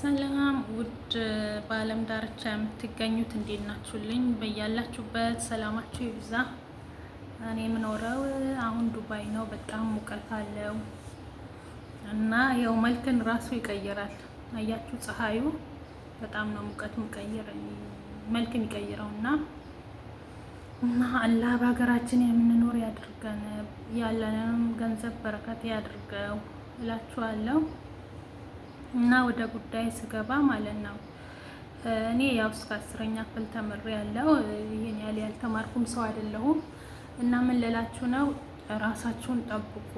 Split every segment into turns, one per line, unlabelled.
ሰላም ውድ በዓለም ዳርቻ የምትገኙት እንዴት ናችሁልኝ? በያላችሁበት ሰላማችሁ ይብዛ። እኔ የምኖረው አሁን ዱባይ ነው። በጣም ሙቀት አለው እና ያው መልክን ራሱ ይቀይራል። አያችሁ፣ ፀሐዩ በጣም ነው ሙቀት የሚቀይር መልክ እና እና አላህ በሀገራችን የምንኖር ያድርገን፣ ያለንም ገንዘብ በረከት ያድርገው እላችኋለሁ። እና ወደ ጉዳይ ስገባ ማለት ነው እኔ ያው እስከ አስረኛ ክፍል ተምሬ ያለው ይህን ያህል ያልተማርኩም ሰው አይደለሁም። እና ምን ልላችሁ ነው ራሳችሁን ጠብቁ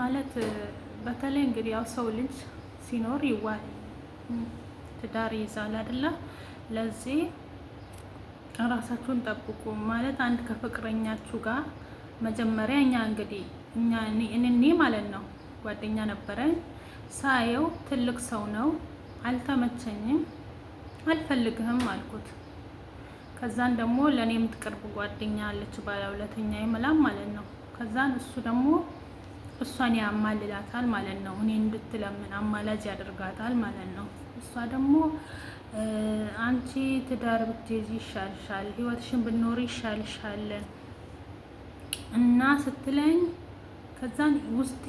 ማለት በተለይ እንግዲህ ያው ሰው ልጅ ሲኖር ይዋል ትዳር ይይዛል አይደለ? ለዚህ ራሳችሁን ጠብቁ ማለት አንድ ከፍቅረኛችሁ ጋር መጀመሪያ እኛ እንግዲህ እኔ ማለት ነው ጓደኛ ነበረኝ ሳየው ትልቅ ሰው ነው። አልተመቸኝም፣ አልፈልግህም አልኩት። ከዛን ደግሞ ለእኔ የምትቀርቡ ጓደኛ አለች ሁለተኛ ይምላም ማለት ነው። ከዛን እሱ ደግሞ እሷን ያማልላታል ማለት ነው። እኔ እንድትለምን አማላጅ ያደርጋታል ማለት ነው። እሷ ደግሞ አንቺ ትዳር ብትይዝ ይሻልሻል፣ ህይወትሽን ብኖር ይሻልሻለን እና ስትለኝ ከዛን ውስጤ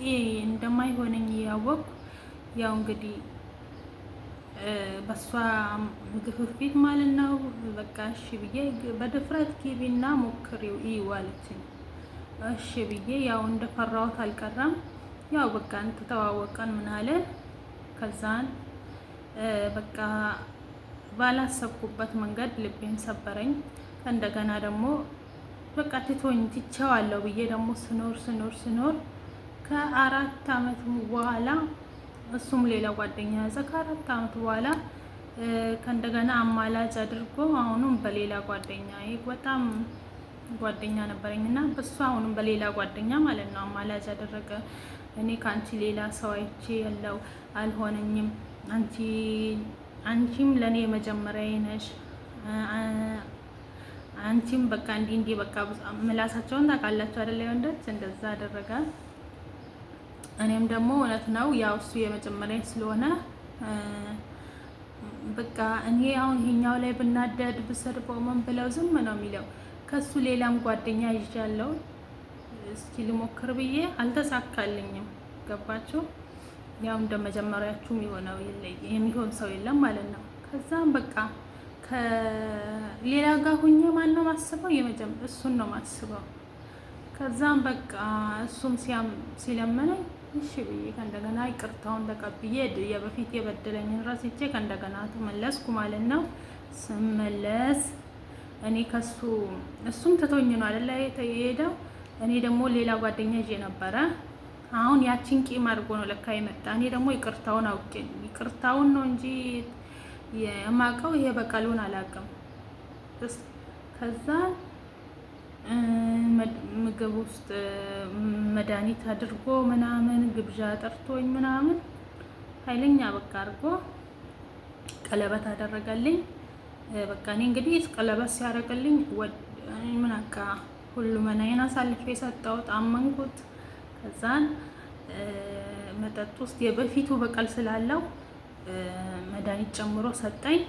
እንደማይሆነኝ እያወቅኩ ያው እንግዲህ በሷ ግፊት ማለት ነው። በቃ እሺ ብዬ በድፍረት ጊቢና ሞክሪው ይው እሺ ብዬ ያው እንደፈራሁት አልቀረም። ያው በቃ ተተዋወቀን ምን አለ ከዛን በቃ ባላሰብኩበት መንገድ ልቤን ሰበረኝ። እንደገና ደግሞ በቃ ትቶኝ ትቼዋለሁ ብዬ ደግሞ ስኖር ስኖር ስኖር ከአራት አመት በኋላ እሱም ሌላ ጓደኛ ያዘ። ከአራት ዓመት በኋላ ከእንደገና አማላጅ አድርጎ አሁኑም በሌላ ጓደኛ በጣም ጓደኛ ነበረኝ እና በሱ አሁንም በሌላ ጓደኛ ማለት ነው አማላጅ አደረገ። እኔ ከአንቺ ሌላ ሰው አይቼ ያለው አልሆነኝም። አንቺ አንቺም ለእኔ የመጀመሪያ ነሽ። አንቺም በቃ እንዲህ እንዲህ በቃ ምላሳቸውን ታውቃላችሁ አደለ? ወንዶች እንደዛ አደረጋል። እኔም ደግሞ እውነት ነው ያው እሱ የመጀመሪያ ስለሆነ በቃ እኔ አሁን ይሄኛው ላይ ብናደድ ብሰድበው ምን ብለው ዝም ነው የሚለው። ከሱ ሌላም ጓደኛ ይዣለሁ እስኪ ልሞክር ብዬ አልተሳካልኝም። ገባችሁ? ያው እንደ መጀመሪያችሁም የሆነው የሚሆን ሰው የለም ማለት ነው። ከዛም በቃ ከሌላ ጋር ሁኜ ማን ነው ማስበው? እሱን ነው ማስበው። ከዛም በቃ እሱም ሲለምነኝ እሺ ብዬ ከእንደገና ይቅርታውን ተቀብዬ የበፊት የበደለኝን ረስቼ ከእንደገና ተመለስኩ ማለት ነው። ስመለስ እኔ ከሱ እሱም ትቶኝ ነው አይደለ የሄደው። እኔ ደግሞ ሌላ ጓደኛ ይዤ ነበረ። አሁን ያቺን ቂም አድርጎ ነው ለካ የመጣ። እኔ ደግሞ ይቅርታውን አውቄ ይቅርታውን ነው እንጂ የማውቀው ይሄ በቀሉን አላውቅም። ከዛ ምግብ ውስጥ መድኃኒት አድርጎ ምናምን ግብዣ ጠርቶኝ ምናምን ኃይለኛ በቃ አድርጎ ቀለበት አደረገልኝ። በቃ እኔ እንግዲህ ቀለበት ሲያደርግልኝ ምን አቃ ሁሉ መናይን አሳልፌ የሰጠሁት አመንኩት። ከዛን መጠጥ ውስጥ የበፊቱ በቀል ስላለው መድኃኒት ጨምሮ ሰጠኝ።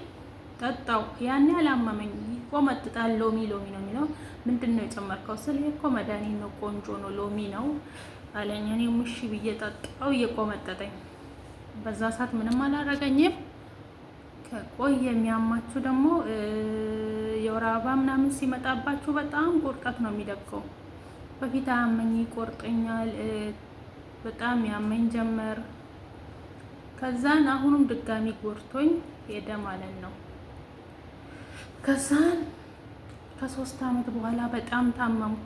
ጠጣው። ያኔ አላመመኝ ይቆመጥጣል። ሎሚ ሎሚ ነው የሚለው። ምንድን ነው የጨመርከው ስል እኮ መድኃኒት ነው ቆንጆ ነው ሎሚ ነው አለኝ። እኔ ሙሽ ብዬ ጠጣው እየቆመጠጠኝ። በዛ ሰዓት ምንም አላረገኝም። ከቆይ የሚያማችሁ ደግሞ የወር አበባ ምናምን ሲመጣባችሁ በጣም ቁርጠት ነው የሚደቀው። በፊት አያመኝ ይቆርጠኛል፣ በጣም ያመኝ ጀመር። ከዛን አሁንም ድጋሚ ጎርቶኝ ሄደ ማለት ነው። ከዛን ከሶስት አመት በኋላ በጣም ታመምኩ፣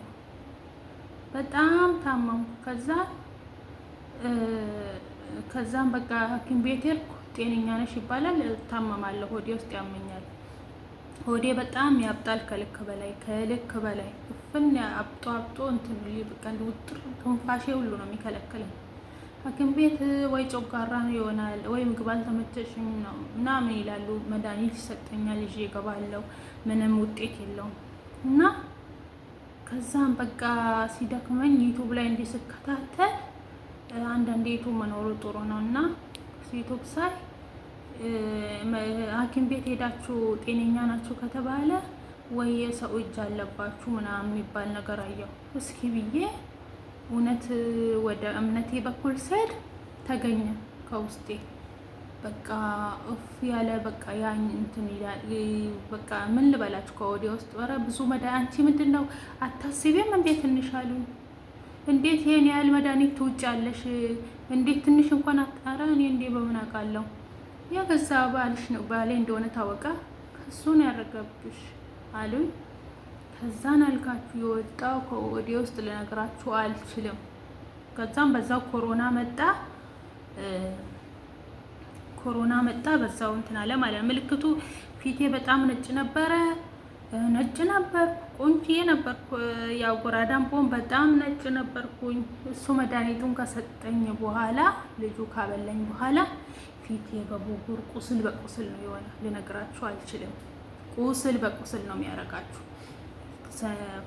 በጣም ታመምኩ። ከዛ ከዛም በቃ ሐኪም ቤት ሄድኩ። ጤነኛ ነሽ ይባላል። ታመማለሁ፣ ሆዴ ውስጥ ያመኛል። ሆዴ በጣም ያብጣል፣ ከልክ በላይ ከልክ በላይ ፍን አብጦ አብጦ እንትን በቃ ውጥር ትንፋሼ ሁሉ ነው የሚከለክለኝ ሐኪም ቤት ወይ ጮጋራ ይሆናል ወይ ምግብ አልተመቸሽም ነው ምናምን ይላሉ። መድኃኒት ይሰጠኛል፣ ይዤ እገባለሁ። ምንም ውጤት የለውም እና ከዛም በቃ ሲደክመኝ ዩቱብ ላይ እንዲህ ስከታተል አንዳንዴ መኖሩ ጥሩ ነው እና ዩቱብ ሳይ ሐኪም ቤት ሄዳችሁ ጤነኛ ናችሁ ከተባለ ወይ የሰው እጅ አለባችሁ ምናምን የሚባል ነገር አየው እስኪ ብዬ እውነት ወደ እምነቴ በኩል ስሄድ ተገኘ ከውስጤ በቃ እፍ ያለ በቃ ያን እንትን በቃ ምን ልበላችሁ ከወዲ ውስጥ ኧረ ብዙ መዳ አንቺ ምንድን ነው አታስቢም እንዴ ትንሽ አሉ እንዴት ይሄን ያህል መድኃኒት ትውጫለሽ እንዴት ትንሽ እንኳን አጣራ እኔ እንዴ በምን አውቃለሁ የገዛ ባልሽ ነው ባሌ እንደሆነ ታወቃ እሱን ያረገብሽ አሉኝ ከዛን አልካችሁ የወጣው ከወዴ ውስጥ ልነግራችሁ አልችልም። ከዛም በዛው ኮሮና መጣ ኮሮና መጣ በዛው እንትን አለ ማለት ምልክቱ ፊቴ በጣም ነጭ ነበረ፣ ነጭ ነበር፣ ቆንጆዬ ነበር። ያው ጎራዳም ቦን በጣም ነጭ ነበርኩኝ። እሱ መድኃኒቱን ከሰጠኝ በኋላ ልጁ ካበላኝ በኋላ ፊቴ በቦጉር ቁስል በቁስል ነው የሆነ። ልነግራችሁ አልችልም። ቁስል በቁስል ነው የሚያረጋችሁ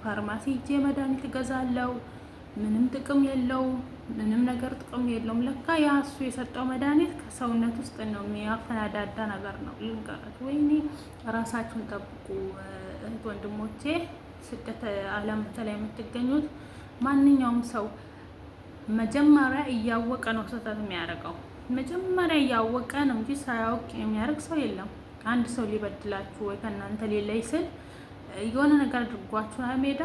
ፋርማሲ እጄ መድኃኒት እገዛለሁ። ምንም ጥቅም የለው፣ ምንም ነገር ጥቅም የለውም። ለካ ያሱ የሰጠው መድኃኒት ከሰውነት ውስጥ ነው የሚያፈናዳዳ ነገር ነው። ልንቀረት ወይኔ፣ ራሳችሁን ጠብቁ እህት ወንድሞቼ፣ ስደት ዓለም በተለይ የምትገኙት ማንኛውም ሰው መጀመሪያ እያወቀ ነው ስህተት የሚያደርገው። መጀመሪያ እያወቀ ነው እንጂ ሳያውቅ የሚያደርግ ሰው የለም። አንድ ሰው ሊበድላችሁ ወይ ከእናንተ ሌለይ ስል የሆነ ነገር አድርጓችሁ አሜዳ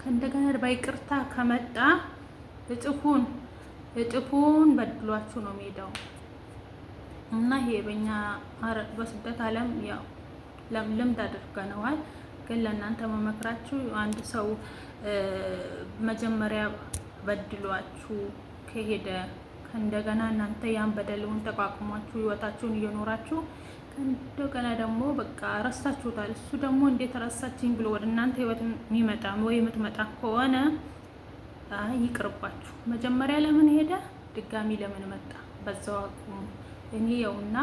ከእንደገና ባይቅርታ ከመጣ እጥፉን እጥፉን በድሏችሁ ነው ሜዳው እና ይሄ በእኛ በስደት ዓለም ያው ልምድ አድርገነዋል። ግን ለእናንተ መመክራችሁ አንድ ሰው መጀመሪያ በድሏችሁ ከሄደ ከእንደገና እናንተ ያን በደሉን ተቋቁሟችሁ ህይወታችሁን እየኖራችሁ እንደገና ደግሞ በቃ ረሳችሁታል። እሱ ደግሞ እንዴት ረሳችኝ ብሎ ወደ እናንተ ህይወት የሚመጣ ወይ የምትመጣ ከሆነ ይቅርባችሁ። መጀመሪያ ለምን ሄደ፣ ድጋሚ ለምን መጣ? በዛው አቁሙ። እኔ የውና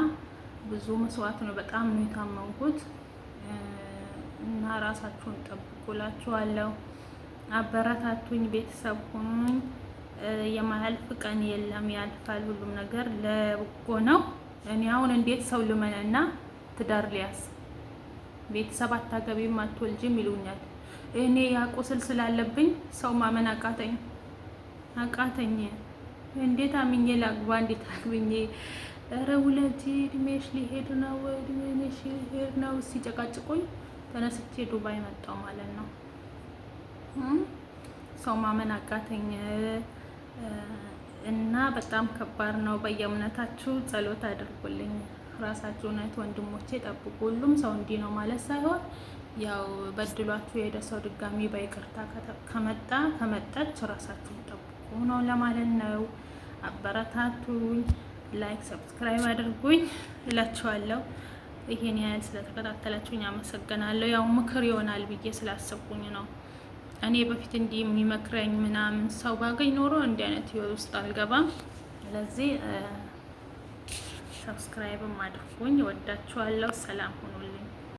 ብዙ መስዋዕት ነው፣ በጣም ነው የታመምኩት እና ራሳችሁን ጠብቁላችኋለሁ። አበረታቱኝ፣ ቤተሰብ ሁኑኝ። የማያልፍ ቀን የለም፣ ያልፋል። ሁሉም ነገር ለበጎ ነው። እኔ አሁን እንዴት ሰው ልመንና ትዳር ሊያስ ቤተሰብ አታገቢም አትወልጂም ይሉኛል። እኔ ያ ስላለብኝ ሰው ማመን አቃተኝ አቃተኝ። እንዴት አምኜ ላግባ? እንዴት አግብኜ? ኧረ ውለጂ፣ እድሜሽ ሊሄድ ነው፣ እድሜሽ ሊሄድ ነው ሲጨቃጭቁኝ ተነስቼ ዱባይ መጣሁ ማለት ነው። ሰው ማመን አቃተኝ። እና በጣም ከባድ ነው። በየእምነታችሁ ጸሎት አድርጉልኝ። ራሳችሁን አይቶ ወንድሞቼ ጠብቁ። ሁሉም ሰው እንዲህ ነው ማለት ሳይሆን ያው በድሏችሁ የሄደ ሰው ድጋሚ በይቅርታ ከመጣ ከመጣች ራሳችሁን ጠብቁ ነው ለማለት ነው። አበረታቱኝ፣ ላይክ ሰብስክራይብ አድርጉኝ እላችኋለሁ። ይሄን ያህል ስለተከታተላችሁኝ አመሰግናለሁ። ያው ምክር ይሆናል ብዬ ስላሰብኩኝ ነው። እኔ በፊት እንዲህ የሚመክረኝ ምናምን ሰው ባገኝ ኖሮ እንዲህ አይነት ህይወት ውስጥ አልገባም። ስለዚህ ሰብስክራይብም አድርጉኝ። ወዳችኋለሁ። ሰላም ሁኑልኝ።